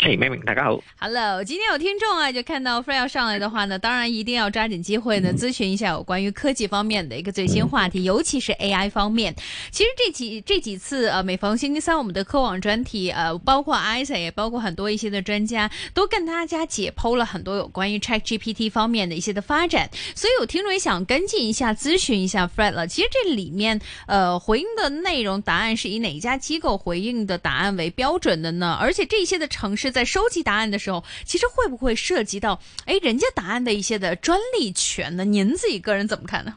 嘿，妹妹，大家好。Hello，今天有聽眾啊，就看到 Fred 要上來的話呢，當然一定要抓緊機會呢，諮詢一下有關於科技方面的一個最新話題，嗯、尤其是 AI 方面。其實這幾這幾次呃，每、啊、逢星期三，我們的科網專題呃、啊，包括 ISA 也包括很多一些的專家，都跟大家解剖了很多有關於 ChatGPT 方面的一些的發展。所以有聽眾也想跟進一下，諮詢一下 Fred 了。其實這裏面呃，回應的內容答案是以哪一家機構回應的答案為標準的呢？而且這些的城市。在收集答案的時候，其實會不會涉及到誒、哎、人家答案的一些的專利權呢？您自己個人怎麼看呢？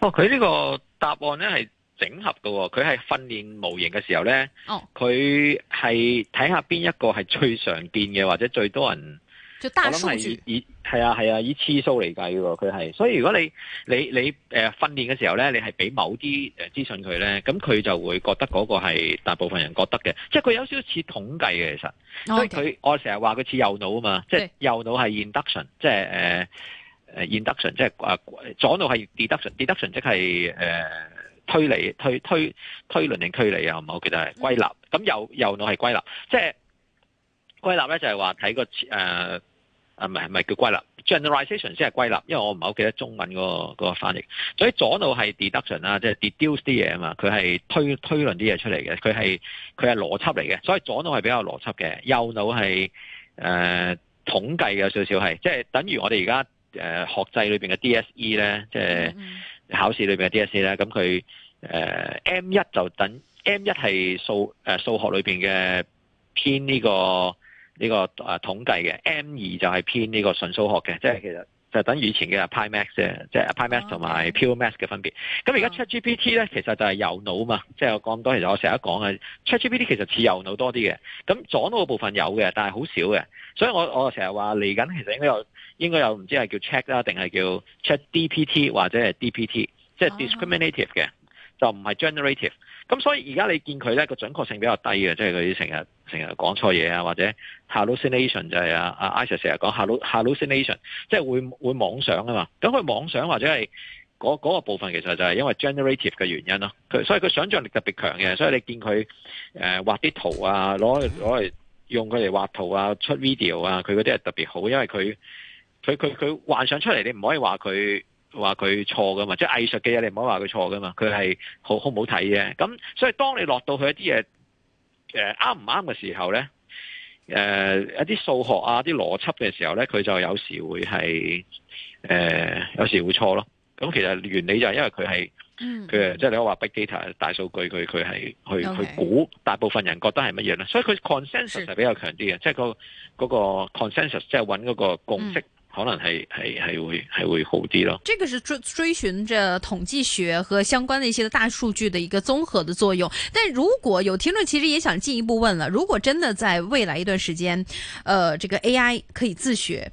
哦，佢呢個答案咧係整合嘅，哦，佢係訓練模型嘅時候咧，哦，佢係睇下邊一個係最常見嘅或者最多人。就大我諗係以係啊係啊以次數嚟計喎，佢係，所以如果你你你誒訓練嘅時候咧，你係俾某啲誒資訊佢咧，咁佢就會覺得嗰個係大部分人覺得嘅，即係佢有少少似統計嘅其實。所以佢我成日話佢似右腦啊嘛，即係右腦係 induction,、yeah. uh, induction，即係誒誒 induction，即係啊左腦係 deduction，deduction 即係誒推理推推推論定推理啊，係咪？我記得係歸納，咁、mm-hmm. 右右腦係歸納，即係。.歸納咧就係話睇個誒啊唔係唔係叫歸納 generalization 先係歸納，因為我唔係好記得中文嗰個嗰個翻譯。所以左腦係 deduction 啊，即係 deduce 啲嘢啊嘛，佢係推推論啲嘢出嚟嘅，佢係佢係邏輯嚟嘅。所以左腦係比較邏輯嘅，右腦係誒統計嘅少少係，即係等於我哋而家誒學制裏邊嘅 DSE 咧，即係考試裏邊嘅 DSE 咧。咁佢誒 M 一就等 M 一係數誒數學裏邊嘅偏呢個。呢、這個誒統計嘅 M 二就係偏呢個純數學嘅、嗯，即係其實就等於以前嘅 Pi Max 嘅、嗯、即係、就是、Pi Max 同埋 Pure Max 嘅分別。咁而家 Chat GPT 咧，其實就係右腦嘛，即、嗯、係、就是、我講多，其實我成日講嘅 Chat GPT 其實似右腦多啲嘅。咁左腦嘅部分有嘅，但係好少嘅。所以我我成日話嚟緊其實應該有應該有唔知係叫 Check 啦，定係叫 Check DPT 或者係 DPT，即係 discriminative 嘅，就唔、是、係、嗯、generative。咁所以而家你見佢咧個準確性比較低嘅，即係佢成日成日講錯嘢啊，或者 hallucination 就係啊啊 Isa 成日講 hallucination 即係會會妄想啊嘛。咁佢妄想或者係嗰嗰個部分其實就係因為 generative 嘅原因咯。佢所以佢想像力特別強嘅，所以你見佢誒、呃、畫啲圖啊，攞攞嚟用佢嚟畫圖啊，出 video 啊，佢嗰啲係特別好，因為佢佢佢佢幻想出嚟，你唔可以話佢。話佢錯噶嘛，即係藝術嘅嘢，你唔好話佢錯噶嘛。佢係好好唔好睇嘅。咁所以當你落到去一啲嘢，誒啱唔啱嘅時候咧，誒、呃、一啲數學啊、啲邏輯嘅時候咧，佢就有時會係誒、呃、有時會錯咯。咁其實原理就係因為佢係，佢即係你話 Big Data 大數據，佢佢係去、okay. 去估大部分人覺得係乜嘢咧。所以佢 consensus 係比較強啲嘅，即係、即係嗰個嗰、嗰個 consensus 即係搵嗰個共識。嗯可能係係係會係會好啲咯。這個是追追尋着統計學和相關的一些的大數據的一個綜合的作用。但如果有聽眾其實也想進一步問了，如果真的在未來一段時間，呃，這個 AI 可以自學。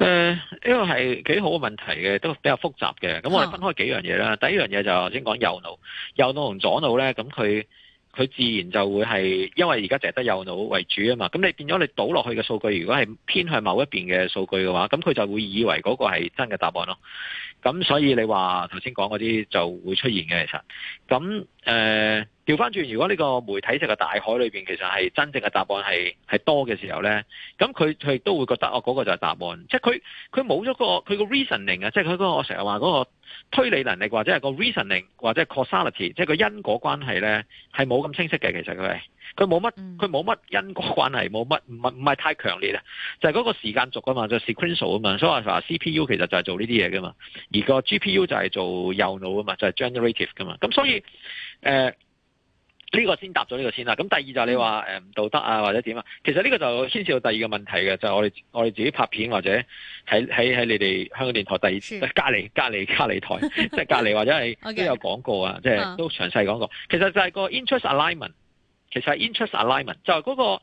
誒，呢個係幾好嘅問題嘅，都比較複雜嘅。咁我哋分開幾樣嘢啦。Oh. 第一樣嘢就頭先講右腦，右腦同左腦呢，咁佢佢自然就會係，因為而家淨係得右腦為主啊嘛。咁你變咗你倒落去嘅數據，如果係偏向某一邊嘅數據嘅話，咁佢就會以為嗰個係真嘅答案咯。咁所以你話頭先講嗰啲就會出現嘅，其實，咁誒調翻轉，如果呢個媒體式嘅大海裏面，其實係真正嘅答案係係多嘅時候咧，咁佢佢都會覺得哦，嗰個就係答案，即係佢佢冇咗個佢個 reasoning 啊，即係佢嗰個我成日話嗰個推理能力或者係個 reasoning 或者係 causality，即係個因果關係咧，係冇咁清晰嘅。其實佢，佢冇乜，佢冇乜因果關係，冇乜唔係唔係太強烈啊。就係嗰個時間軸啊嘛，就 sequential 啊嘛。所以話 CPU 其實就係做呢啲嘢噶嘛，而個 GPU 就係做右腦啊嘛，就係 generative 噶嘛。咁所以誒。呃呢、這個先答咗呢個先啦。咁第二就係你話誒唔道德啊，或者點啊？其實呢個就牽涉到第二個問題嘅，就係、是、我哋我哋自己拍片或者喺喺喺你哋香港電台第二隔離隔離隔離台， 即係隔離或者係、 okay. 都有講過啊，即係都詳細講過。其實就係個 interest alignment，其實係 interest alignment，就係嗰、那個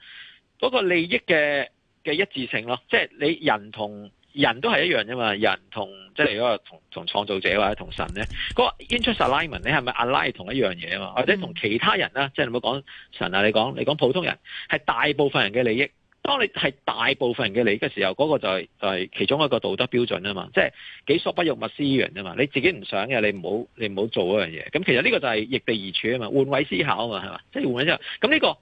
那個利益嘅嘅一致性咯，即係你人同。人都係一樣啫嘛，人同即係你個同同創造者或者同神咧，那個 interest alignment 你係咪 align 咪阿拉同一樣嘢啊嘛？或者同其他人啊？即、嗯、係、就是、你唔好講神啊，你講你講普通人，係大部分人嘅利益。當你係大部分人嘅利益嘅時候，嗰、那個就係、是就是、其中一個道德標準啊嘛。即係己所不欲，勿施於人啊嘛。你自己唔想嘅，你唔好你唔好做一樣嘢。咁其實呢個就係逆地而處啊嘛，換位思考啊嘛，係嘛？即、就、係、是、換位思考。咁呢、這個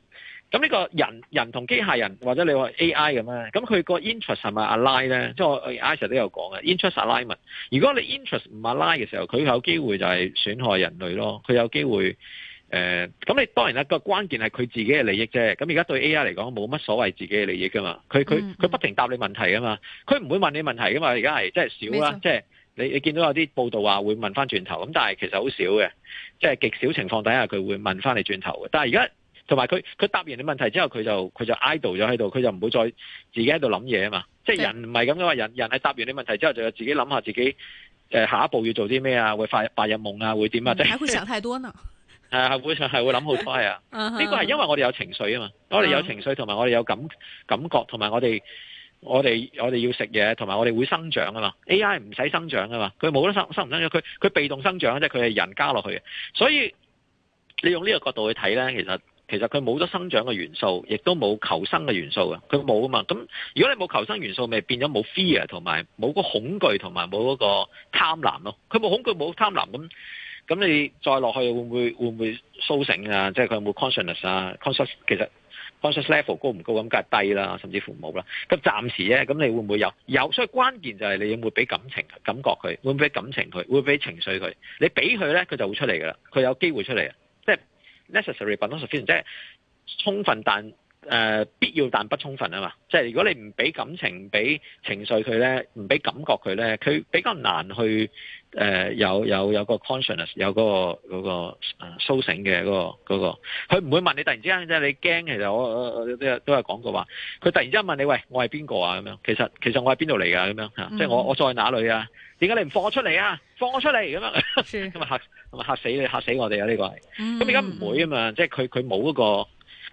咁呢個人人同機械人，或者你話 AI 咁咧，咁佢個 interest 係咪 align 咧？即、就是、我 AI 都有講嘅，interest a l alignment 如果你 interest 唔 align 嘅時候，佢有機會就係損害人類咯。佢有機會誒，咁、呃、你當然啦，個關鍵係佢自己嘅利益啫。咁而家對 AI 嚟講，冇乜所謂自己嘅利益噶嘛。佢佢佢不停答你問題噶嘛。佢唔會問你問題噶嘛。而家係即係少啦，即係、就是、你你見到有啲報道話會問翻轉頭，咁但係其實好少嘅，即、就、係、是、極少情況底下佢會問翻你轉頭嘅。但係而家。同埋佢佢答完你問題之後，佢就佢就 idle 咗喺度，佢就唔會再自己喺度諗嘢啊嘛。即係人唔係咁噶嘛，人人係答完你問題之後，就要自己諗下自己誒、呃、下一步要做啲咩啊，會發白日夢啊，會點啊。即係會想太多呢？係 會係會諗好多啊？呢、 uh-huh. 個係因為我哋有情緒啊嘛，我哋有情緒同埋我哋有感、uh-huh. 感覺，同埋我哋我哋我哋要食嘢，同埋我哋會生長啊嘛。A.I. 唔使生長啊嘛，佢冇得生生唔生長，佢佢被動生長即係佢係人加落去嘅，所以你用呢個角度去睇咧，其實。其實佢冇咗生長嘅元素，亦都冇求生嘅元素啊。佢冇啊嘛。咁如果你冇求生元素，咪變咗冇 fear 同埋冇個恐懼同埋冇嗰個貪婪咯。佢冇恐懼，冇貪婪，咁咁你再落去會唔會會唔會甦醒啊？即係佢有冇 consciousness 啊？conscious 其實 conscious level 高唔高？咁梗係低啦，甚至乎冇啦。咁暫時咧，咁你會唔會有有？所以關鍵就係你有冇俾感情感覺佢，會唔會俾感情佢，會唔會俾情緒佢？你俾佢咧，佢就會出嚟噶啦，佢有機會出嚟啊。necessary but not sufficient，即係充分但誒、呃、必要但不充分啊嘛！即係如果你唔俾感情、俾情緒佢咧，唔俾感覺佢咧，佢比較難去誒、呃、有有有個 consciousness 有嗰個嗰個誒甦醒嘅嗰個嗰個，佢唔會問你突然之間即係你驚，其實我我都都有講過話，佢突然之間問你喂我係邊個啊咁樣？其實其實我係邊度嚟㗎咁樣吓，即係我我在哪裏啊？嗯點解你唔放我出嚟啊？放我出嚟咁樣，咁啊吓，咁啊吓死你，吓死我哋啊！呢、這個係咁而家唔會啊嘛，即係佢佢冇嗰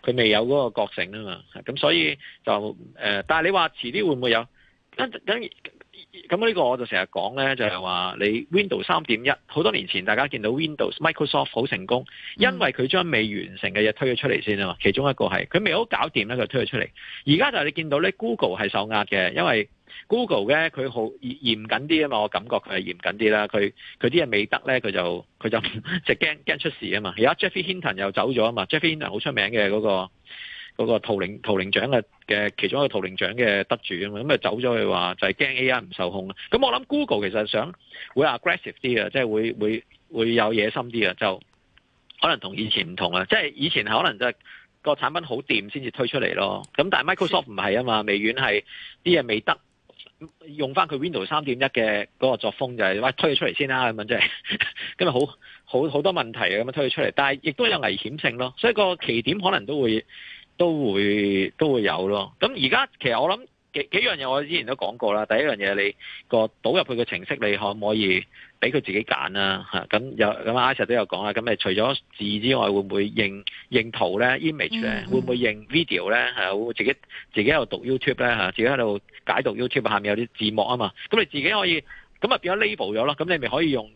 個，佢未有嗰個覺醒啊嘛。咁所以就誒、呃，但係你話遲啲會唔會有？咁咁咁呢個我就成日講咧，就係、是、話你 Windows 三點一好多年前，大家見到 Windows Microsoft 好成功，因為佢將未完成嘅嘢推咗出嚟先啊嘛。其中一個係佢未好搞掂咧，佢就推咗出嚟。而家就係你見到咧，Google 係受壓嘅，因為。Google 咧佢好嚴嚴謹啲啊嘛，我感覺佢係嚴謹啲啦。佢佢啲嘢未得咧，佢就佢就就驚驚出事啊嘛。而家 Jeffrey Hinton 又走咗啊嘛。Jeffrey Hinton 好出名嘅嗰、那個嗰、那個圖靈圖靈獎嘅嘅其中一個圖靈獎嘅得主啊嘛，咁啊走咗佢話就係、是、驚 AI 唔受控啦。咁我諗 Google 其實想會 aggressive 啲嘅，即、就、係、是、會會會有野心啲嘅，就可能同以前唔同啊。即、就、係、是、以前可能就係個產品好掂先至推出嚟咯。咁但係 Microsoft 唔係啊嘛，微軟係啲嘢未得。用翻佢 Windows 三點一嘅嗰個作風就係、是、喂、哎，推佢出嚟先啦咁樣，即係今日好好好多問題嘅咁樣推佢出嚟，但係亦都有危險性咯，所以個奇點可能都會都會都會有咯。咁而家其實我諗。幾幾樣嘢我之前都講過啦，第一樣嘢你個倒入去嘅程式，你可唔可以俾佢自己揀啦、吓？咁、啊、有咁阿 Sir 都有講啦，咁你除咗字之外，會唔會認認圖咧？Image 咧，mm-hmm. 會唔會認 video 咧、吓？會唔會自己自己喺度讀 YouTube 咧、吓？自己喺度解讀 YouTube 下面有啲字幕啊嘛，咁你自己可以咁啊變咗 label 咗咯，咁你咪可以用。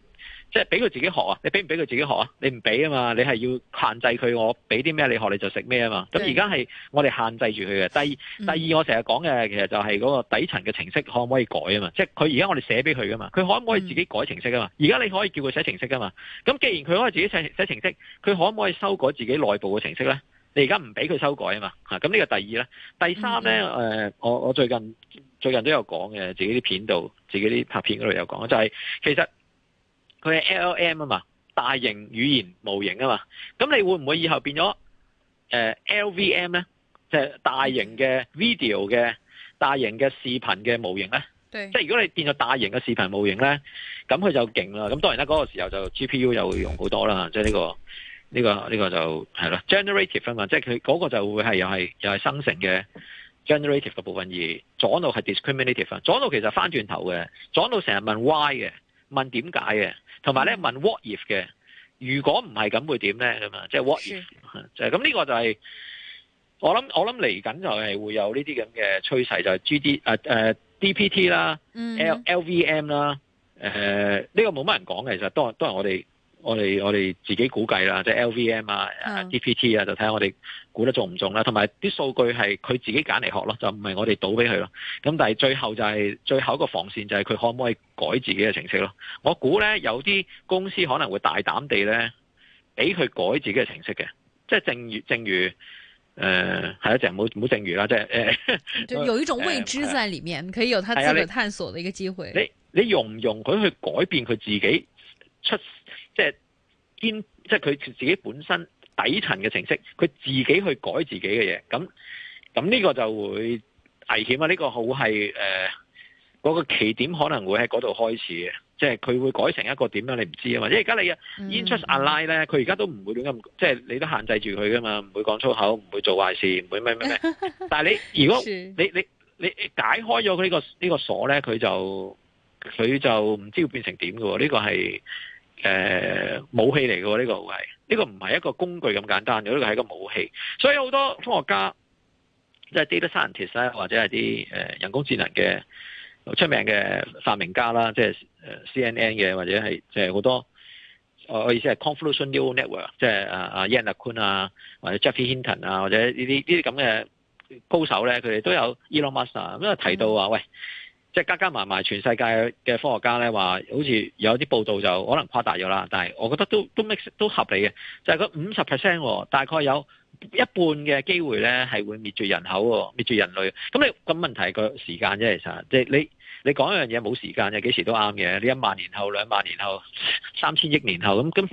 即係俾佢自己學啊！你俾唔俾佢自己學啊？你唔俾啊嘛！你係要限制佢，我俾啲咩你學你就食咩啊嘛！咁而家係我哋限制住佢嘅。第二，嗯、第二我成日講嘅，其實就係嗰個底層嘅程式可唔可以改啊嘛？即係佢而家我哋寫俾佢噶嘛，佢可唔可以自己改程式啊嘛？嗯、而家你可以叫佢寫程式啊嘛？咁既然佢可以自己寫寫程式，佢可唔可以修改自己內部嘅程式咧？你而家唔俾佢修改啊嘛？吓，咁呢個第二咧，第三咧，誒、嗯呃，我我最近最近都有講嘅，自己啲片度，自己啲拍片嗰度有講，就係、是、其實。佢係 L L M 啊嘛，大型語言模型啊嘛，咁你會唔會以後變咗 L V M 咧？即、呃、係、就是、大型嘅 video 嘅、大型嘅視頻嘅模型咧？即係如果你變咗大型嘅視頻模型咧，咁佢就勁啦。咁當然啦，嗰、那個時候就 G P U 又會用好多啦。即係、這、呢個呢、這個呢、這個就係啦。Generative 啊嘛，即係佢嗰個就會係又係又係生成嘅 generative 嘅部分，而左腦係 discriminative 啊，左腦其實翻轉頭嘅，左腦成日問 why 嘅。問點解嘅，同埋咧問 what if 嘅，如果唔係咁會點咧咁啊？即係 what if，即係咁呢個就係我諗我諗嚟緊就係會有呢啲咁嘅趨勢，就係 G、uh, uh, D 誒誒 D P T 啦，L L V M 啦、uh, 嗯，誒、呢、呢個冇乜人講嘅，其實都係都係我哋。我哋我哋自己估計啦，即係 LVM 啊、嗯、GPT 啊，就睇下我哋估得中唔中啦。同埋啲數據係佢自己揀嚟學咯，就唔係我哋倒俾佢咯。咁但係最後就係、是、最後一個防線就係佢可唔可以改自己嘅程式咯？我估咧有啲公司可能會大膽地咧，俾佢改自己嘅程式嘅。即係正如正如誒，係、呃、啊，就好唔好正如啦，即係誒。哎、有一種未知在裏面，哎、可以有他自己探索嘅一個機會。你你容唔容佢去改變佢自己出？堅即係佢自己本身底層嘅程式，佢自己去改自己嘅嘢，咁咁呢個就會危險啊！呢、這個好係誒，嗰、呃那個奇點可能會喺嗰度開始嘅，即係佢會改成一個點樣你唔知啊嘛、嗯！即係而家你 Interest Ally 咧，佢而家都唔會亂咁，即係你都限制住佢噶嘛，唔會講粗口，唔會做壞事，唔會咩咩咩。 但係你如果 你你你解開咗、這個這個、呢個呢個鎖咧，佢就佢就唔知會變成點噶喎！呢、這個係。誒、呃、武器嚟嘅呢個係，呢、這個唔係一個工具咁簡單，呢、這個係一個武器。所以好多科學家，即係 data scientist 啦，或者係啲人工智能嘅出名嘅發明家啦，即係 CNN 嘅，或者係即係好多我意思係 convolutional network，即係啊啊 Yann LeCun 啊，或者 Jeffrey Hinton 啊，或者呢啲呢啲咁嘅高手咧，佢哋都有 Elon Musk 都提到話喂。即係加加埋埋，全世界嘅科學家咧話，好似有啲報道就可能誇大咗啦。但係我覺得都都 make 都合理嘅，就係嗰五十 percent，大概有一半嘅機會咧係會滅絕人口喎，滅絕人類。咁你個問題係個時間啫，其實即係你你講一樣嘢冇時間嘅，幾時都啱嘅。你一萬年後、兩萬年後、三千億年後咁咁。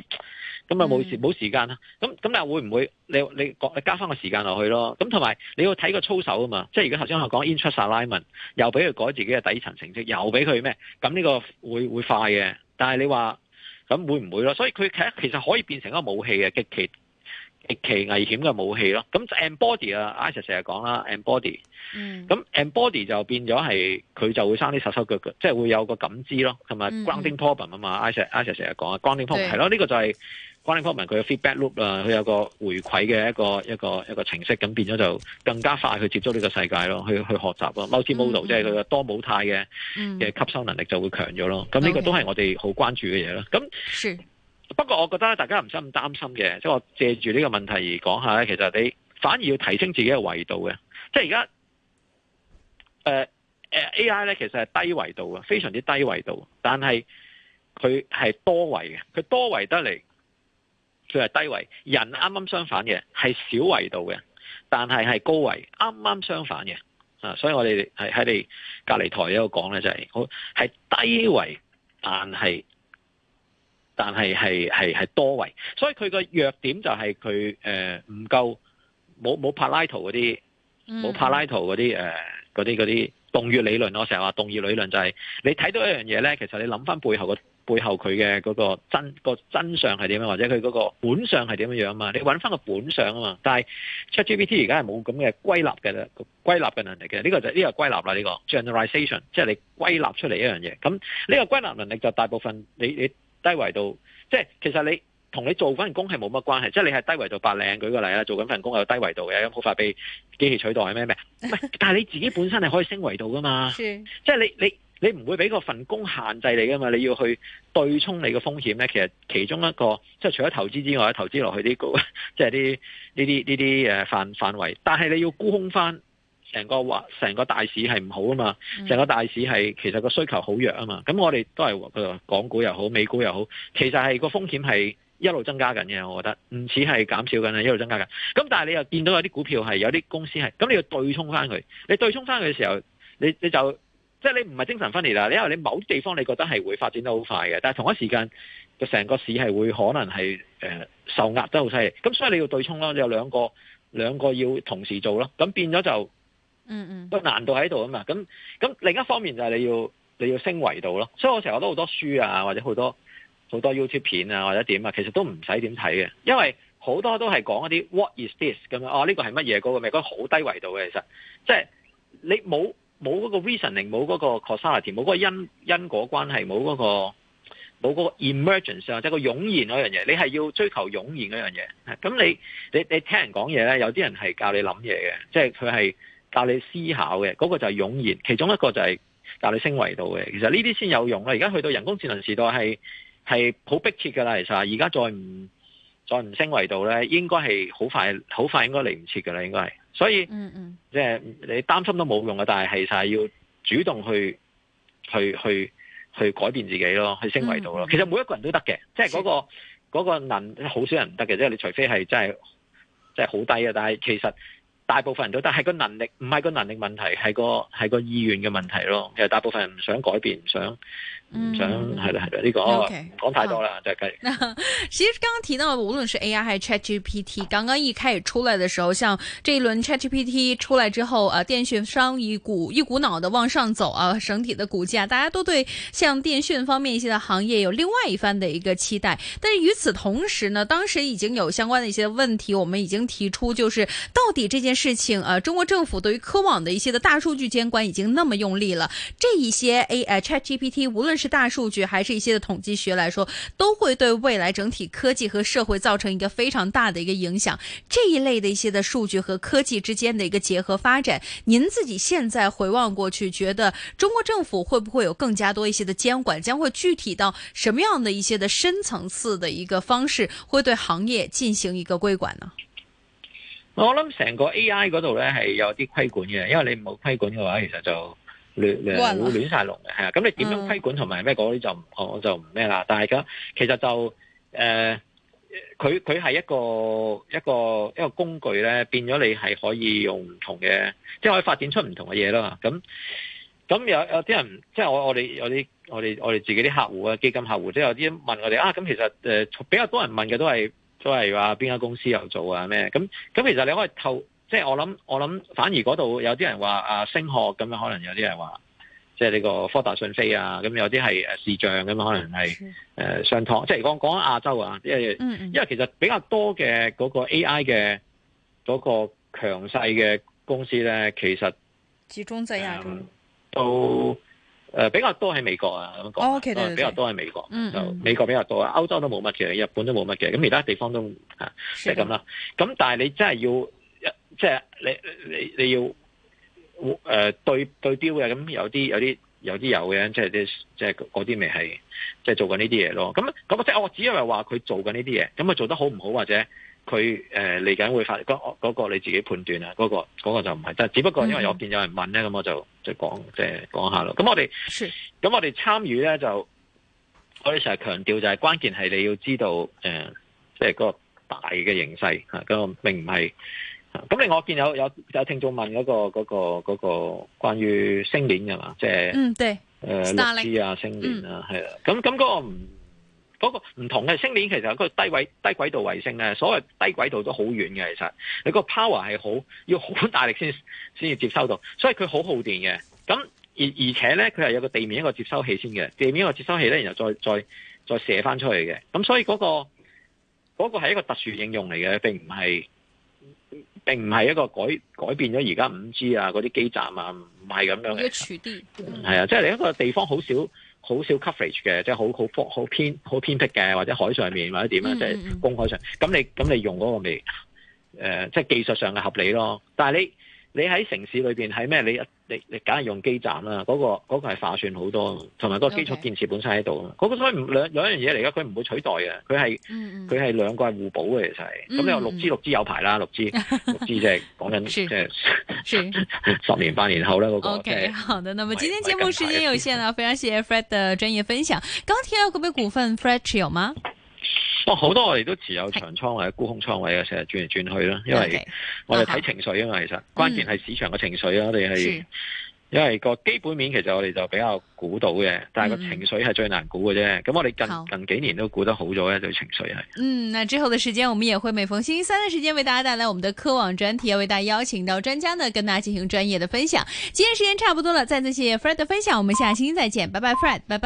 咁啊冇時冇時間啦，咁咁啊會唔會你你，你，你加翻個時間落去咯？咁同埋你要睇個操守啊嘛，即係如果頭先我講 interest alignment 又俾佢改自己嘅底層成績，又俾佢咩？咁呢個會會快嘅，但係你話咁會唔會咯？所以佢其實可以變成一個武器嘅極其極其危險嘅武器咯。咁 embodied、嗯、啊，阿 Sir 成日講啦，embodied。咁 embodied、嗯、就變咗係佢就會生啲手手腳腳，即、就、係、是、會有個感知咯，同埋 grounding problem 嘛、嗯嗯、啊嘛，阿 Sir 阿 Sir 成日講啊，grounding problem 係咯，呢、這個就係、是。管理方面，佢有 feedback loop 啊，佢有個回饋嘅一個一個一個程式，咁變咗就更加快去接觸呢個世界咯，去去學習咯。Multimodal 即、嗯、係佢、就、嘅、是、多模態嘅嘅吸收能力就會強咗咯。咁呢個都係我哋好關注嘅嘢咯。咁、okay. 不過我覺得大家唔使咁擔心嘅。即係我借住呢個問題而講下咧，其實你反而要提升自己嘅維度嘅。即係而家誒誒 AI 咧，其實係低維度嘅，非常之低維度。但係佢係多維嘅，佢多維得嚟。佢係低維，人啱啱相反嘅，係小維度嘅，但係係高維，啱啱相反嘅。啊，所以我哋係喺你隔離台度講咧，就係、是、好，係低維，但係但係係係係多維，所以佢個弱點就係佢誒唔夠冇冇柏拉圖嗰啲冇柏拉圖嗰啲誒嗰啲嗰啲洞穴理論，我成日話洞穴理論就係、是、你睇到一樣嘢咧，其實你諗翻背後個。背後佢嘅嗰個真、嗰個真相係點樣？或者佢嗰個本相係點樣樣啊？嘛，你揾翻個本相啊嘛。但係 ChatGPT 而家係冇咁嘅歸納嘅咧，歸納嘅能力嘅。呢、呢個就呢、呢個歸納啦，呢個 generalization，即係你歸納出嚟一樣嘢。咁呢個歸納能力就大部分你你低維度，即、就、係、是、其實你同你做緊份工係冇乜關係。即、就、係、是、你係低維度白領，舉個例啦，做緊份工有低維度嘅，有冇法俾機器取代係咩咩？係，但係你自己本身係可以升維度噶嘛？即係你你。你你唔會俾個份工限制你噶嘛？你要去對沖你個風險咧，其實其中一個即係、就是、除咗投資之外，投資落去啲股，即係啲呢啲呢啲誒範範圍。但係你要沽空翻成個成個大市係唔好啊嘛，成個大市係其實個需求好弱啊嘛。咁我哋都係佢港股又好，美股又好，其實係個風險係一路增加緊嘅。我覺得唔似係減少緊啊，一路增加緊。咁但係你又見到有啲股票係有啲公司係，咁你要對沖翻佢，你對沖翻佢嘅時候，你你就。即係你唔係精神分裂啦，因為你某啲地方你覺得係會發展得好快嘅，但係同一時間嘅成個市係會可能係、呃、受壓得好犀利，咁所以你要對沖咯，你有兩個兩個要同時做咯，咁變咗就嗯嗯個難度喺度啊嘛，咁咁另一方面就係你要你要升維度咯，所以我成日覺得好多書啊，或者好多好多 YouTube 片啊或者點啊，其實都唔使點睇嘅，因為好多都係講一啲 What is this 咁樣，哦呢個係乜嘢嗰個咩，好低維度嘅其實，即係你冇。冇嗰個 reasoning，冇嗰個 causality，冇嗰個因因果關係，冇嗰個冇嗰個 emergence 啊，即係個湧現嗰樣嘢。你係要追求湧現嗰樣嘢。咁你你你聽人講嘢咧，有啲人係教你諗嘢嘅，即係佢係教你思考嘅。嗰個就係湧現，其中一個就係教你升維度嘅。其實呢啲先有用啦。而家去到人工智能時代，係係好迫切噶啦。其實而家再唔～再唔升維度咧，應該係好快，好快應該嚟唔切㗎啦，應該係。所以，即嗯係嗯、就是、你擔心都冇用嘅，但係其實係要主動去去去去改變自己咯，去升維度咯嗯嗯。其實每一個人都得嘅，即係嗰個嗰、那個能好少人唔得嘅，即、就、係、是、你除非係真係即係好低嘅。但係其實大部分人都，得，係個能力唔係個能力問題，係個係個意願嘅問題咯。其、就、實、是、大部分人唔想改變，唔想。嗯，嗯，係啦係啦，呢個講、okay, 太多啦。嗯，繼續。其實剛剛提到，無論是 A I 還是 Chat G P T，剛剛一開始出來的時候，像這一輪 Chat G P T 出來之後，啊，電訊商一股一股腦的往上走啊，整體的股價，大家都對像電訊方面一些的行業有另外一番的一個期待。但是與此同時呢，當時已經有相關的一些問題，我們已經提出，就是到底這件事情，啊，中國政府對於科網的一些的大數據監管已經那麼用力了，這一些 A I Chat G P T，無論是是大數據，還是一些的統計學來說，都會對未來整體科技和社會造成一個非常大的一個影響。這一類的一些的數據和科技之間的一個結合發展，您自己現在回望過去，覺得中國政府會不會有更加多一些的監管，將會具體到什麼樣的一些的深層次的一個方式，會對行業進行一個規管呢？我諗成個 AI 嗰度咧，係有啲規管嘅，因為你冇規管嘅話，其實就。亂亂晒龍嘅係啊，咁、嗯、你點樣規管同埋咩嗰啲就我就唔咩啦。但係而家其實就誒，佢佢係一個一個一個工具咧，變咗你係可以用唔同嘅，即係可以發展出唔同嘅嘢啦嘛。咁、嗯、咁有有啲人即係我我哋我哋我哋我哋自己啲客戶啊，基金客戶，即係有啲人問我哋啊，咁其實誒、呃、比較多人問嘅都係都係話邊間公司又做啊咩？咁咁其實你可以透。即、就、係、是、我諗，我諗反而嗰度有啲人話啊升學咁樣，可能有啲人話，即係呢個科大訊飛啊，咁有啲係誒視像咁樣，可能係誒、呃、上堂。即係我講喺亞洲啊，因為嗯嗯因為其實比較多嘅嗰個 AI 嘅嗰個強勢嘅公司咧，其實集中在亞洲，都誒比較多喺美國啊咁講，比較多喺美國，就美國比較多，歐洲都冇乜嘅，日本都冇乜嘅，咁其他地方都即係咁啦。咁但係你真係要。即係你你你要誒、呃、對對標嘅，咁有啲有啲有啲有嘅，即係啲即係嗰啲咪係即係做緊呢啲嘢咯。咁咁即係我只係話佢做緊呢啲嘢，咁佢做得好唔好或者佢誒嚟緊會發嗰個嗰個你自己判斷啊，嗰個嗰個就唔係。但係只不過因為我見有人問咧，咁、嗯、我就即係講即係講下咯。咁我哋咁我哋參與咧就我哋成日強調就係關鍵係你要知道誒，即係嗰個大嘅形勢吓，嗰個並唔係。咁另外，我見有有有聽眾問嗰個嗰個嗰個關於星鏈嘅嘛，即係嗯，即對，誒，力士啊，星鏈啊，係啦，咁咁嗰個唔嗰個唔同嘅星鏈，其實個低軌低軌道衛星咧。所謂低軌道都好遠嘅，其實你個 power 係好，要好大力先先至接收到，所以佢好耗電嘅。咁而而且咧，佢係有個地面一個接收器先嘅，地面一個接收器咧，然後再再再射翻出去嘅。咁所以嗰個嗰個係一個特殊應用嚟嘅，並唔係。並唔係一個改改變咗而家五 G 啊嗰啲基站啊，唔係咁樣嘅。要係、嗯、啊，即、就、係、是、你一個地方好少好少 coverage 嘅，即係好好偏好偏好偏僻嘅，或者海上面或者點啊，即、就、係、是、公海上。咁、嗯、你咁你用嗰、那個咪誒，即、呃、係、就是、技術上嘅合理咯。但係你。你喺城市裏面係咩？你你你梗係用基站啦，嗰、那個嗰、那個係划算好多，同埋嗰個基礎建設本身喺度。嗰、okay. 個所以兩兩樣嘢嚟噶，佢唔會取代嘅，佢係佢係兩個係互補嘅，其實係。咁、mm-hmm. 你有六 G、就是，六 G 有排啦，六、就、支、是。六 G 即係講緊即係十年八年後啦嗰、那個。OK，就是年年那個 okay 就是、好的，那麼今天節目時間有限啦， 非常謝謝 Fred 的專業分享。鋼鐵有個咩股份 ，Fred 持有嗎？好、哦、多我哋都持有長倉或者沽空倉位嘅，成日轉嚟轉去啦。因為我哋睇情緒啊嘛，Okay. Oh, 因為其實關鍵係市場嘅情緒啊、嗯。我哋係因為個基本面其實我哋就比較估到嘅，但係個情緒係最難估嘅啫。咁、嗯、我哋近近幾年都估得好咗嘅，對情緒係。嗯，嗱，之後的時間，我們也會每逢星期三嘅時間為大家帶來我們的科網專題，啊為大家邀請到專家呢，跟大家進行專業的分享。今天時間差不多了，再次謝謝 Fred 嘅分享，我們下星期再見，拜拜，Fred，拜拜。